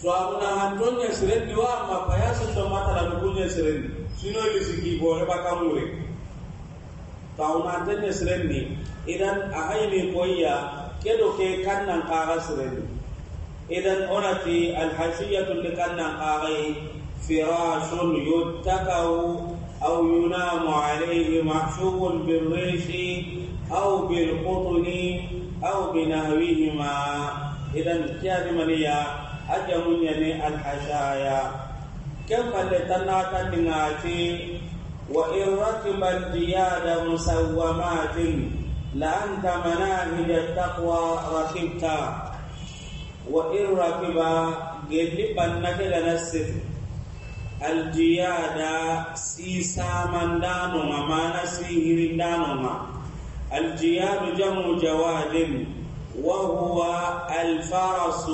twabona hantonya sirendi wa mapayasa tomata la kunya sirendi sino lisiki bore bakamure tauna tanya sirendi idan ahaini koya kedo ke kannan kaga sirendi idan onati alhasiyatu likannan kagai firashun yuttakau au yunamu alayhi mahshubun birrishi aw bilqutni au binahwihima idan kiyadi maniya ajamu يني الحشايا كم لتناك تناتي وإن ركب دياد مسومات لأنت مناهج التقوى ركبت وإن ركب جلب النكل نسف الجياد سيسا من دانما ما نسيه دانما الجياد جم جواد وهو الفرس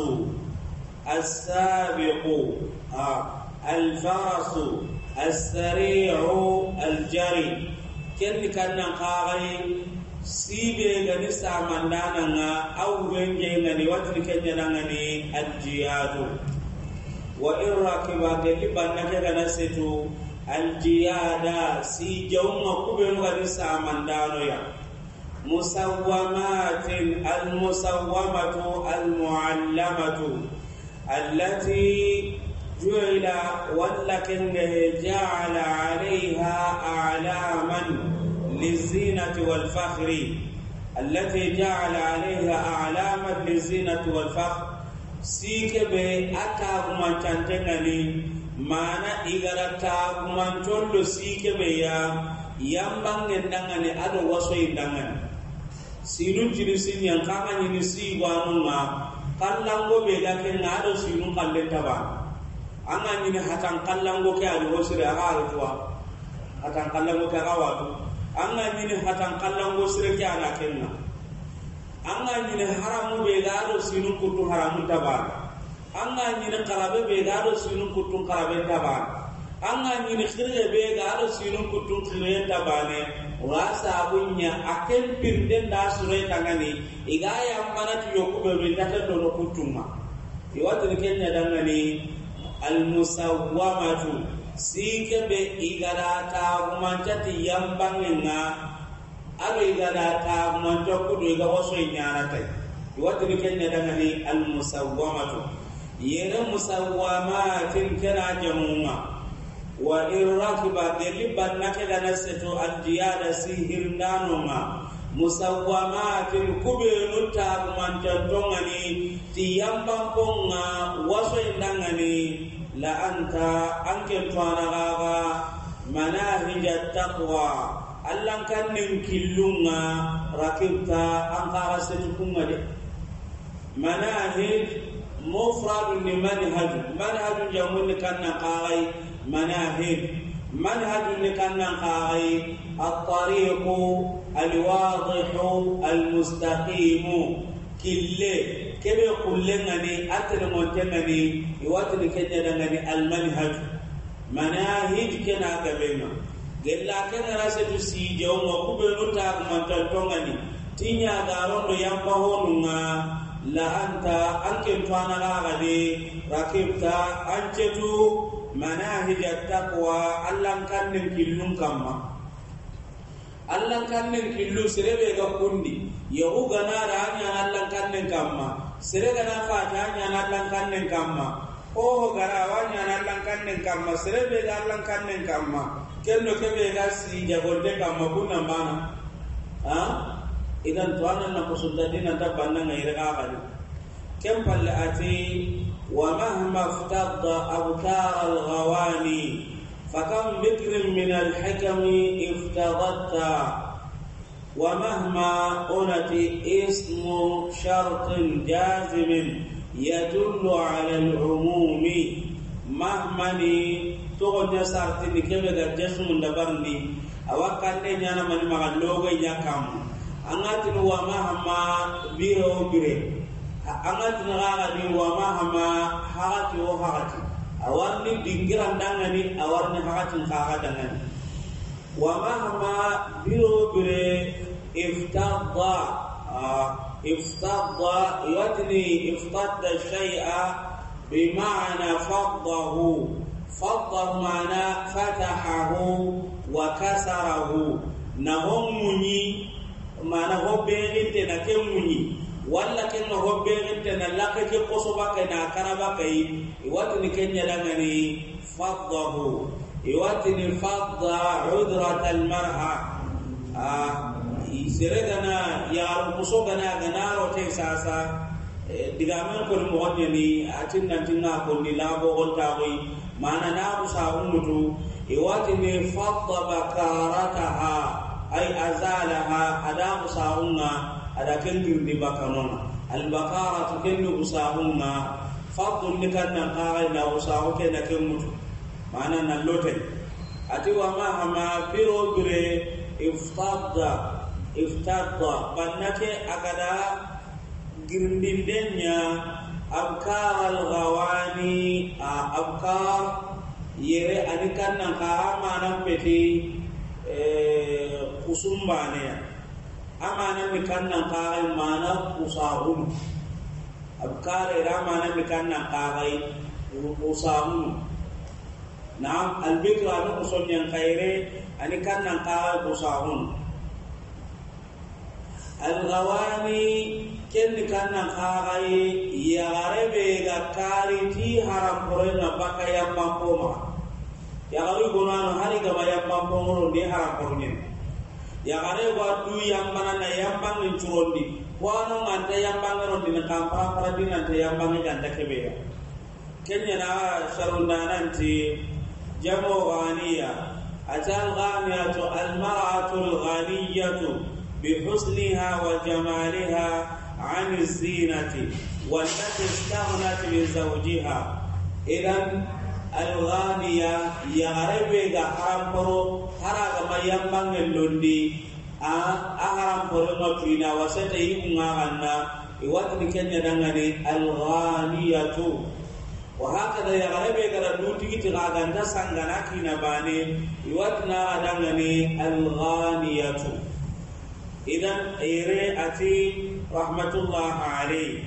السابق الفرس السريع الجري كن كان قاغي سيبي غني دانا او غنجي غني واتل كن غني الجياد وإن ركب كلبا نكنا ستو الجياد سي جوما كوبن غني دانو يا مسومات المسومة المعلمة التي جعل ولكن جعل عليها أعلاما للزينة والفخر التي جعل عليها أعلاما للزينة والفخر سيك بي أكاغما تنتنني معنى إغرى من تندو سيك بي يامبان دنغني أدو وصي دنغني سينو جرسين ينقاما ينسي وانوما kallango be da ken na do sinu kalle taba anga ni hatan kallango ke ali wosire aga artuwa hatan kallango ke aga wadu anga ni hatan kallango sire ke ala kenna anga ni haramu be da do sinu kutu haramu taba anga ni kalabe be da do sinu kutu kalabe taba anga ni khirye be da do sinu kutu khirye taba ne wa a kan pirden da surai tangani iga ya mana ti yoku be ta do no kutuma iwatin kenya dangani al musawwamatu sike be igara ta kumanta ti yambangenga alo igara ta kumanta kudu iga waso inyana tai iwatin kenya dangani al musawwamatu yere musawwamatin kana jamuma wa in rakiba deliban nakedana seto addiyada sihirnanoma musawwamatin kubenu taakumantentongani ti waso indangani la anta ankentwanagaga manahija taqwa nin killunga rakibta ankaga setukunga de manahij mufradu ni manhaj manhaju kan kanna kagai مناهج منهج لكنا قاعي الطريق الواضح المستقيم كله كبه كلنا ني أتر منتنا ني يواتر كننا ني المنهج مناهج كنا قبلنا gella kena rasa tu si jauh ma kube nuta manta tongani tinya garon do yang pahonu nga la anta anke twana ga de rakibta ancetu manahija taqwa allan kannen killun kamma allan kannen killu serebe ga kundi yahu gana ra anya allan kannen kamma sere gana fata anya allan kannen kamma oho gara wanya allan kannen kamma serebe ga allan kannen kamma kenno kebe ga si jagolde kamma kunna mana ha idan to anan na musuddadina ta banna ngai ra ga kem palle ati ومهما افتض أوتار الغواني فكم بكر من الحكم افتضت ومهما أنت اسم شرط جازم يدل على العموم مهما تغنى سارتني كما جسم لبرني أوقات نيانا من مغلوغي يكام أناتن ومهما بيرو بيرو anga tinagaga ni wama hama hagati wo hagati ni dingiran ni awarni hagatin kaga dangani wama hama biro bire iftadda iftadda iwatni iftadda shay'a بمعنى فضه walla ken robbeerinte na lakke ke kosoba ke na karaba kay iwatini kenya dangani faddahu iwatini fadda udrat almar'a ah sere gana yaaru muso gana ganarote sasa digamen koni mogonyani atin nantinga konni labogontagoy mana naku sabunutu iwatini fadda bakarataha ay azalaha adaku sagunga ada kendu ni bakanona al baqaratu kendu usahumma fadl ni kanna qara na usahu ke na kemutu mana na lote ati wa ma ama biro bire iftadda iftadda banake agada girndindenya abkar al ghawani abkar yere ani kanna qara mana peti eh, kusumbane amana mi kanna kaay mana usahum abkare mana mi kanna kaay usahum Nam albikra anu usun yang khaire ani kanna kaay usahum algawani kenni kanna kaay yagarebe ga kari ti haram na baka mapoma koma yagawi gonano hari gaba yamma kongoro ni haram kornen yagare wa du yambana na yambang ni curondi wano ngante yambang rondi na kampara para di ngante yambang ni ngante kebe kenya na sarunda nanti jamo ghaniya atal ghaniyatu al mar'atul ghaniyatu bi husniha wa jamaliha an zinati wallati istaghnat bi zawjiha idan alghamiya yagarebe ga haram poro haraga mayambang londi a ah, a ah, haram poro ma tuina wasata yimunga ganna iwatini kenya dangani alghamiyatu wa hakada yagarebe gara dutigiti gaganta sangana kina bane iwatina dangani alghamiyatu idan ire ati rahmatullah alayh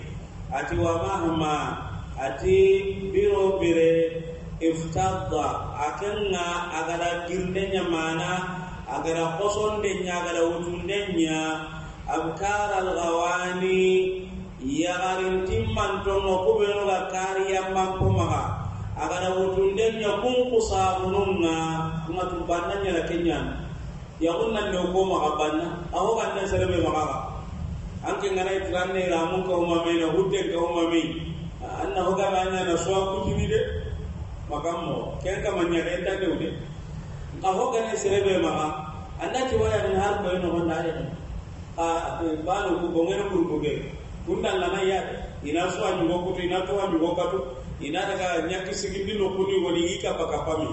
ati wa mahma ati biro bire iftadda akenga agada girdenya mana agada kosondenya agada wutundenya abkar alghawani yagarintimmantongo kubenuga kariyammanpomaga agada wutundenya kunkusabununga nga tubannanyala kenyana yagunnanne komaga banna aho ganna serebe magaga anke ngana itiranne ramunka ko hutenka umamei anna hogaba anyana na so de magammo ken kamanya den ta ude a ho gane serebe maga annati waya min har ko no wonna de a e, bano ku bongere buru ge kundan lana ya ina so a go kutu ina to an go katu ina daga nyaki sigindi no kuni woni ika baka pami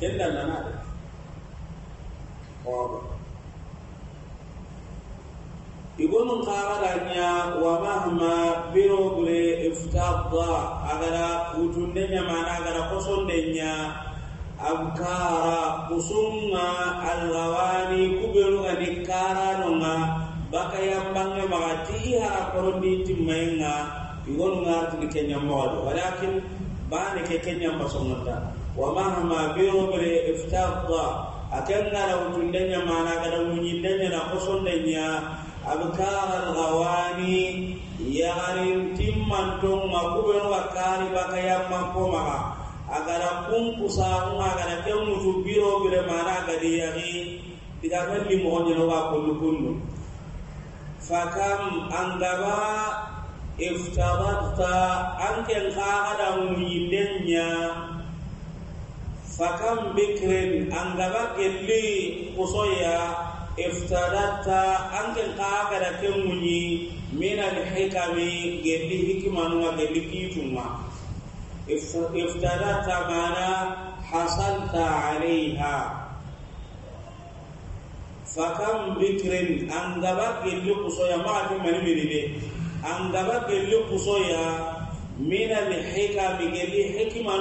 ken dan lana de ibonu qararanya wa mahma biro bure iftadda agara utundenya mana agara kosondenya abkara kusunga algawani kara dikkaranonga baka yambange magati hara korondi timmayenga igonu ngartini kenyammogodo walakin bani ke kenyamba songonta wa mahma biro bure iftadda akengara utundenya mana agara muñindenya na nya. abkar alghawani yari timman tonga kubenu akari baka yamma komaga agara kumpu saunga agara kemutu biro bire mana agadi yari tidak melli mohonjeno wa kullu anggawa fakam angaba iftaradta anken kaada muyindenya fakam bikrin anggawa gelli kusoya افتادت أنك قاقر كمني من الحكم جلي حكما وجلي كيتما افتادت معنا حصلت عليها فكم بكر أنقبا قلي قصويا ما في من مريد أنقبا قلي قصويا من الحكم جلي حكما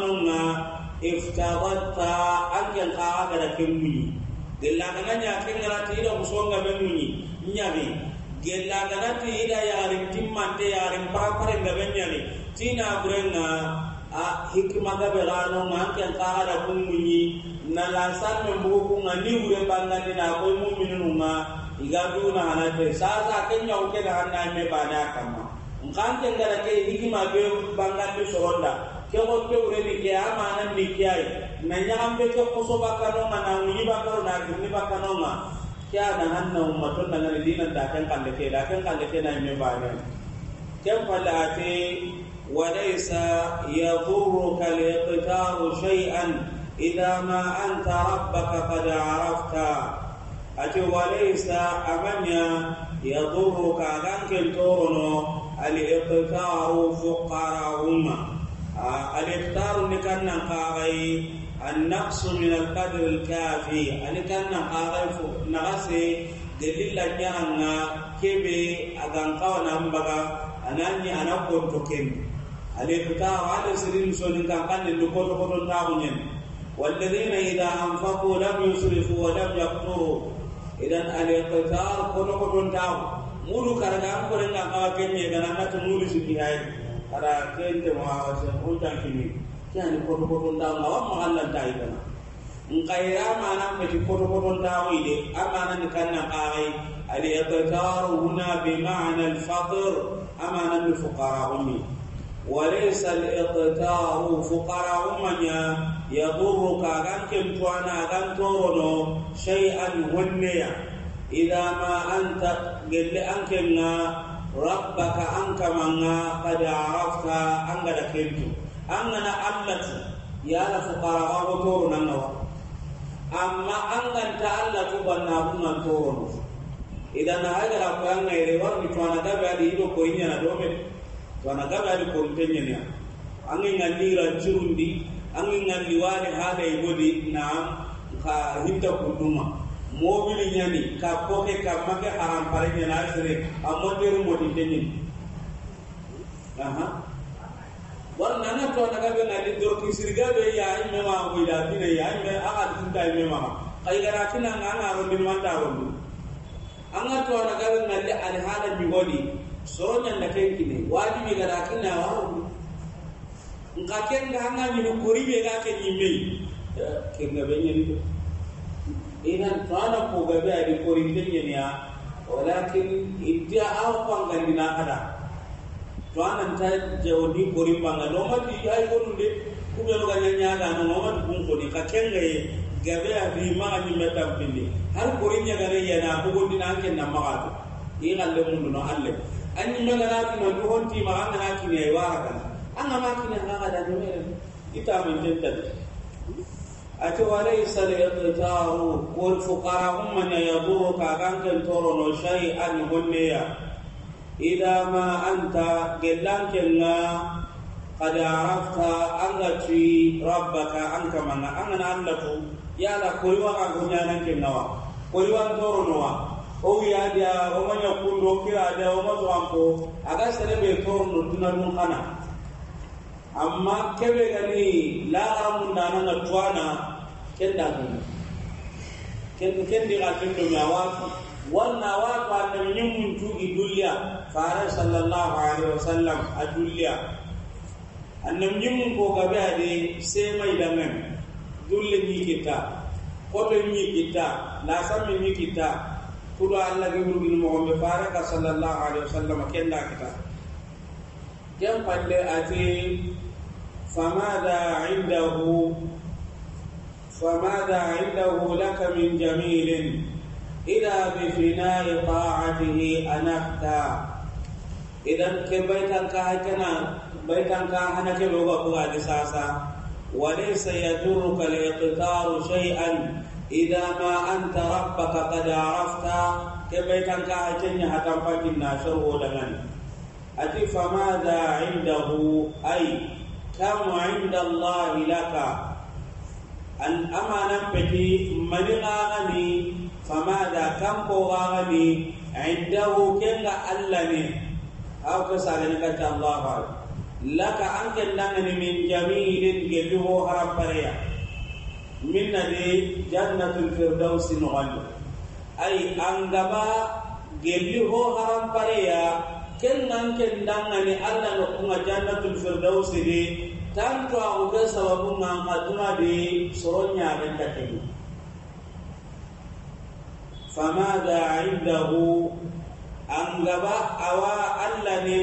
افتادت أنك قاقر كمني gellagana ñakenganati ida musonga ɓe muñi gana ti ida yarin timmante yarin paparenga ɓe tina tinagurenga a hikmaga ɓe ganonga anken kaada kun muñi nalasanme mbugu nga ni wure bangandi na koy muminununga iga te sa sa ke ñawu kega hanname bane a kamma nkanke ngara ke hikima ɓe bangandi soronda kewonke wurenike a mana mike ay na ñahambe ke koso bakanonga na wuñi bakano na gurni bakanonga ke a nahan na wummato nangani dina da kan kande ke da kan kande ke na ime bane ken palle ate walaysa yaduruka liqtaru shay'an idha ma anta rabbaka qad arafta ate walaysa amanya yaduruka ganken torono aliqtaru fuqara umma alektaru ni kannan kaxai annaqsu min alqadr alkafi ani kannan kaxai fo naxa se delilla ɲaxan ga kebe a ganxawa nan baga anani ana konto alektaru ala siri musonin kan kannindi kotokotontaxuɲen والذين إذا أنفقوا لم يسرفوا ولم يقتروا إذا الاقتدار كنوكو تنتاو مولو كارغان كورينغا كاكين يغانا تنولي سيكي هاي ara kente ma wase ho jankini ti an koto koto nda ma wa mahalla dai dana ngaira mana me ti koto koto nda wi de amana ni kanna qari ali yatataru huna bi ma'na al fatr amana ni fuqara ummi wa laysa al itataru fuqara ummanya yaduru ka gan kem to ana gan to rodo shay'an hunniya idama anta gelle ankenna rabbaka an kamanga qad arafta an ga da kentu an ga na allati ya la fuqara wa gotoru nan wa. amma anga ta allah to banna kun nan toro idan na hajara ko an ga ire warni to na ga ba di ido ko inya na dome to na ga ba di ko tenya ne an ga ni ran jurundi an ga hada igodi na ka hinta kuduma mobili ñani ka koke ka make haram pare ñana sere a moteur modi teñin aha war nana to daga be ngadi dor ki sirga be ya imme ma ko ida bine ya imme aga tunta me ma kay gara kina nga ngana ro din manda ro din anga to daga be ngadi al hala mi godi soro nyanda kay kine wajibi gara kina wa ngaka ken ga ngani ko ribe ga ke imme eh, ken ga be nyani inan tana ko gabe ari ko rindenye niya walakin india aw pangandina kada to anan ta jawdi ko rimbanga do mati ay gonu de ku be ga nyanya da no man bun ko ni ka ye gabe ari ma ni metam pindi har ko rinya ga ne yana ko gondina ken na magato i galle mun no alle an ni magana ko no honti ma an na kini ay wara kana an ma kini ha da no ita min tentati ati walaysa al-iqtaru wal fuqara umma man yabu ka ganken toro no shay an gonneya ida ma anta gellan kenna qad arafta anga ti rabbaka anka man anga na ya la koywa ka gunya nan kenna wa koywa toro no wa o ya dia o manya kundo kira dia o mazo ko aga sare be toro no tunanun kana amma kebe gani la aramun nana na tuana kenda kun ken ken di gatin do yawa wanna wa ko an min mun tuki duliya fara sallallahu alaihi wasallam a duliya annam min ko gabe ade sai mai da men dulle ni kita ko be ni kita la sam ni kita kudu alla ge burgin mo be fara ka sallallahu alaihi wasallam kenda kita jam palle ati famada indahu فماذا عنده لك من جميل إذا بفناء طاعته أنفتا إذا بيتا كاهتنا بيتا كاهنا كبيرا بغا جساسا وليس يجرك الاقتار شيئا إذا ما أنت ربك قد عرفت بيتا كاهتنا حتى فاتنا شروع لنا أتي فماذا عنده أي كم عند الله لك an amana peti mani gagani famada kanko gagani indahu kenga ne aw ka sagani ka allah bal laka anke ne min jamilin gebi ho min minna de jannatul an gaba ay angaba gelli ho harampareya ken nanke ndangani allah no kuma jannatul firdaus ni. tanto aguda sababu nga kaduna be soro ñamen katemu famada indahu angaba awa alla ne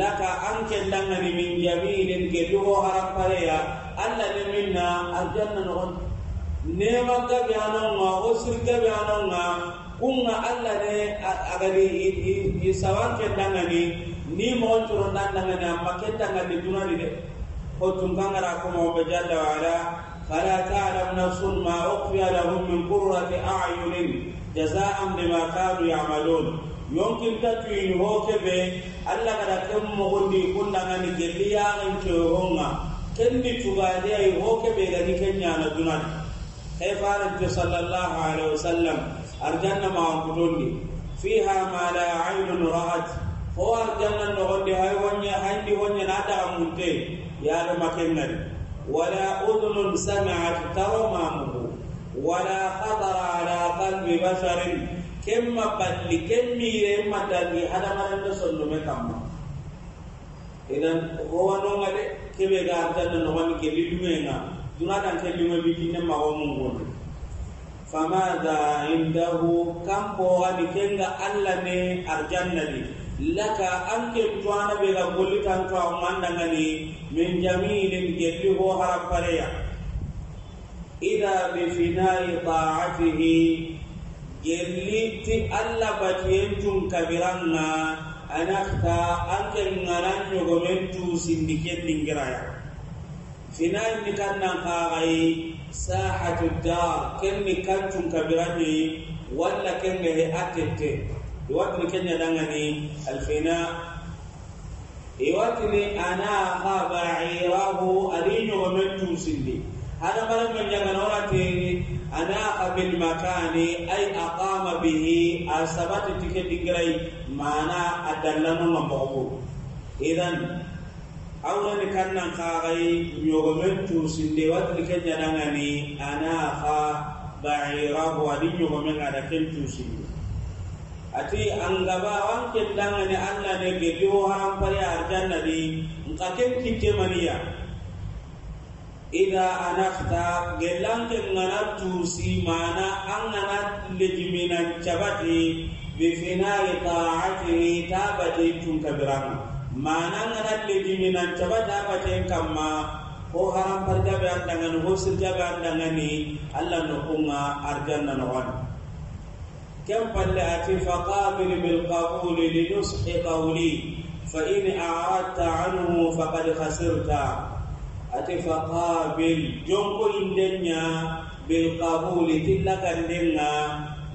laka an kendangani min jamilin ke duho harampareya alla ne minna aljanna nogon nema gabe anonga o sir gabe anonga kunga alla ne agadi i sawan kendangani ni mogon coron dandangani amma kendangani dunadi de hotun kangara kuma wa jalla da ala fala ta'lam nafsun ma ukhfiya lahum min qurrati a'yunin jazaa'an bima kanu ya'malun yonkin tatwin hoke be alla kada kam mo hondi kunna ngani gelliya ngin chehonga kendi tubade ay hoke be gani kenya na dunal kay faran tu sallallahu alaihi wasallam arjanna ma kutundi fiha ma la a'yunun ra'at ho arjanna nogonde hay wonya handi wonya na daga munte yaɗo makengari wala udunun samiat tawa mamuhu wala khatara ala qalbi basharin kemma balli kemmire matangi hadamarande sondume kamma idan howanonga de keɓe ga arjanna nogoni ke lilumenga dunaɗan ke lime bitine mago mungoni famada indahu kampo wani kenga allah ne arjanna di laka ke tuwana be ga golli tan to amanda ngani min jamilin gelli ho harapareya ida bi finai ta'atihi gelli ti alla batiyen tun na anakta anke nganan yogo men tu sindiket ningiraya finai ni kan kannan kagai sahatu dar ken ni kantun kabirani walla ken a atete duwatini kenya dangani alfina iwatini ana ha ba'irahu arinyo wa mentusindi ana mara na naorati ana ha bil makani ay aqama bihi asabati tiketi grai mana adallano mambo idan awrani kannan kaxay ñogomen tuusinde watini ke ñanangani ana xa bairahu adi ñogomen ada ken tuusinde ati an gaba an wanke dangane Allah ne gedi ho haram pare arjanna di ngaken kitte maniya ida anakta gelanke ngana tusi mana angana lejimina cabati bi finali ta'atihi tabati tun kabirama mana ngana lejimina cabati tabati kamma ko haram parjabe andangani ho sirjabe dangane Allah no kunga arjanna no wani كم فلأتي فقابل بالقبول لنصح قولي فإن أعرضت عنه فقد خسرت أتي فقابل جنب الدنيا بالقبول تلك الدنيا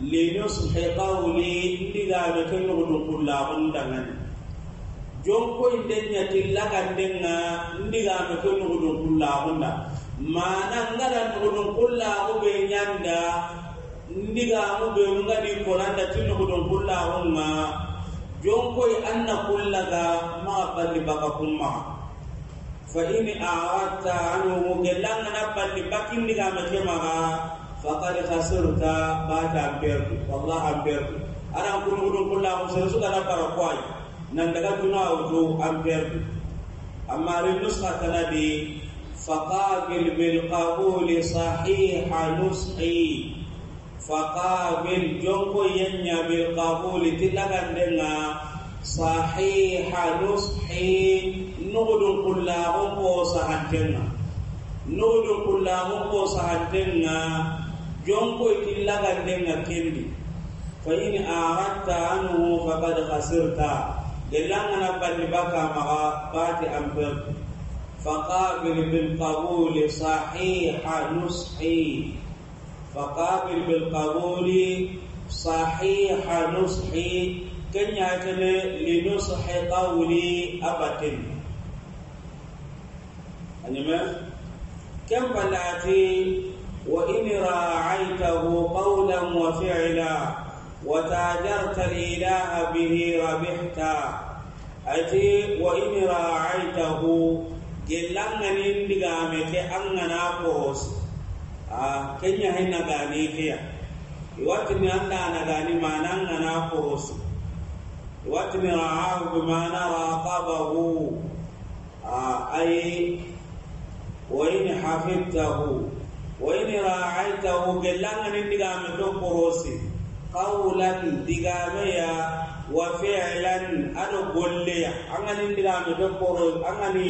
لنصح قولي لذا نتنغد كل غندنا جنب الدنيا تلك الدنيا لذا نتنغد كل غندنا ما نغد be nyanda ndiga amu be mu ngadi konanda tinu ko don bulla umma jon koy anna kullaga ma balli baka kumma fa in a'adta anhu mugellanga na balli baki ndiga ma kemaga khasurta ba ta amperdu wallahi amperdu aran kunu don bulla ko sai suka na para kwai nan daga tuna auto amperdu amma ri nusa tanabi faqabil bil qabuli sahih nusqi فقابل جنكو ينيا بالقبول تلقى لنا صحيح نصحي نغد كلهم وصحتنا نغد كلهم وصحتنا جنكو تلقى لنا كندي فإن أعرضت عنه فقد خسرت للأنا بني بكى مغابات أمبر فقابل بالقبول صحيح نصحي فقابل بالقبول صحيح نصحي كن يكن لنصح قولي أبت أنما كم بلعتي وإن راعيته قولا وفعلا وتاجرت الإله به ربحتا أتي وإن راعيته جلنا نندقامك أننا قوسي a ah, kenya hay na gani hiya iwati ne anda na gani mana ngana kurusu iwati ni ra'ahu bimana raqabahu a ah, ay wa in hafidtahu wa in ra'aitahu gelanga ni diga me to kurusi qawlan diga me ya wa fi'lan ado golle angani diga me to kurusi angani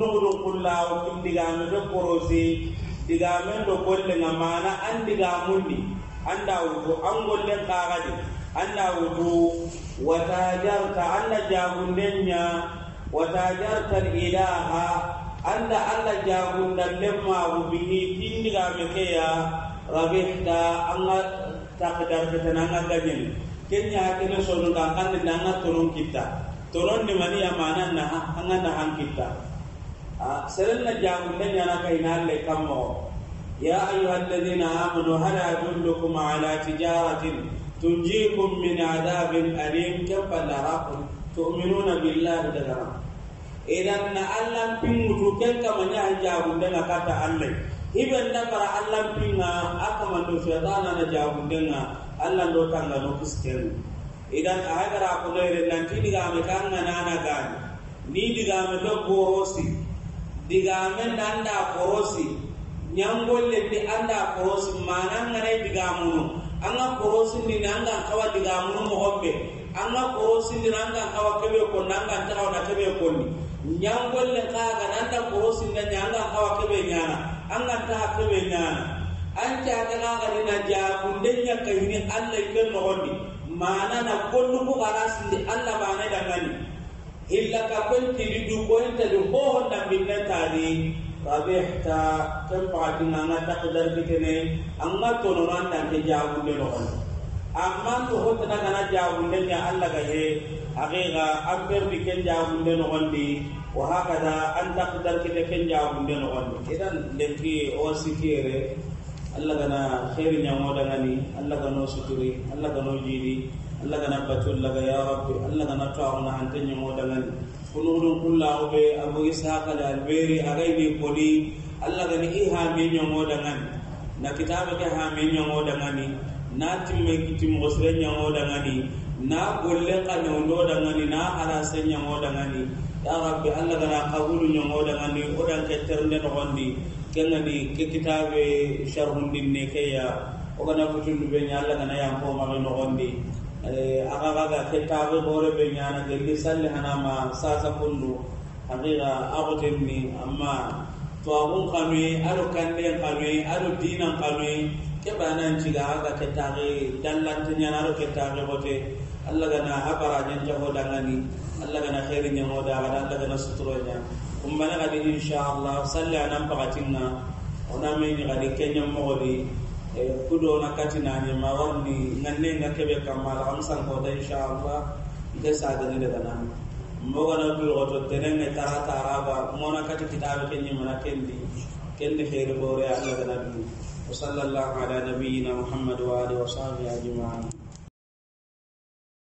nuru kullahu diga me to kurusi digamen do golle nga mana an mundi anda wutu an gollen kagadi anda wutu wata jarta anda jagundenya wata jarta ilaha anda alla jagundan lemmagu bihi tindigame keya rabihta anga takdarketen anga gajen kenya hakene sonunda angandi nanga tonon turun tonon ni mana yamana naha anga nahan kita سرنا جاهم لنا كينا لكم يا أيها الذين آمنوا هل أدلكم على تجارة تنجيكم من عذاب أليم كيف لراكم تؤمنون بالله دغرا إذا أن ألم بموتو كن كما نهجاهم لنا كتا ألم iben da kara allan pinga akama do shaytana na jabun denga allan do tanga no kusten idan a hagara ko ne nan tidi ga me kan na ni diga me do borosi diga men da anda korosi le di anda korosi mana ngare diga munu anga korosi ni nanga kawa diga munu mo hobbe anga korosi ni nanga kawa kebe ko nanga tawa na kebe ko ni nyangolle ka ga da korosi ni nanga kawa kebe nyana anga ta kebe nyana anta ga ga ni na ja kundenya ni Allah ke no hobbe mana na kollu ko garasinde Allah bana da ngani illa ka kon tiri du ko inta du ho ho da minna tari rabihta kam pa dina na ta taqdar bitene amma to no ran da ke jawu ne no amma to ho na kana jawu ne ya Allah ga he haqiqa an ber bi ken jawu ne no gondi wa hakada an taqdar kite ken jawu de no gondi idan lenki o sikire Allah kana khairin ya modangani Allah kana suturi Allah kana jiri allah gana laga ya rabbi allah gana toaxuna modalan ñogodangani funuxudun qullaxuɓe abu ishaqa da alberi agayni kodi allah gani i hame modalan na kitabe ke hame modalan na timme gosre sire modalan na golle modalan na ala arase modalan ya rabbi allah gana qabulu ni odan ke ternde noxondi ni ke kitabe sharhundinne keya ogana futunduɓe ña allah gana no noxondi Eh, aga gaga ke taxe ɓore ɓe ñana gelli salli hanama sasa kullu haqiqa axoten ni amma twaxun xanuye aɗo kanden xanuye aɗo dinan xanuye ke ba bananciga aga ke taxe dallante ñana aɗo ke taxe xote allah gana ha da cahodangani allah gana xeeri ñamodaxada allah gana suturoña kumbana insha allah salli anan paxatinga ona me ñaxadi keñammoxodi Eh, kudo na kati na ne ma warni nganne na kebe kamala am san ko da insha Allah ida sada ni daga nan mo ga na kulo to tenen ne ta tara ba mo na kati kitabe ken ni mana ken di ken de here bore Allah da nabi sallallahu ala nabiyyina muhammad wa alihi wa sahbihi ajma'in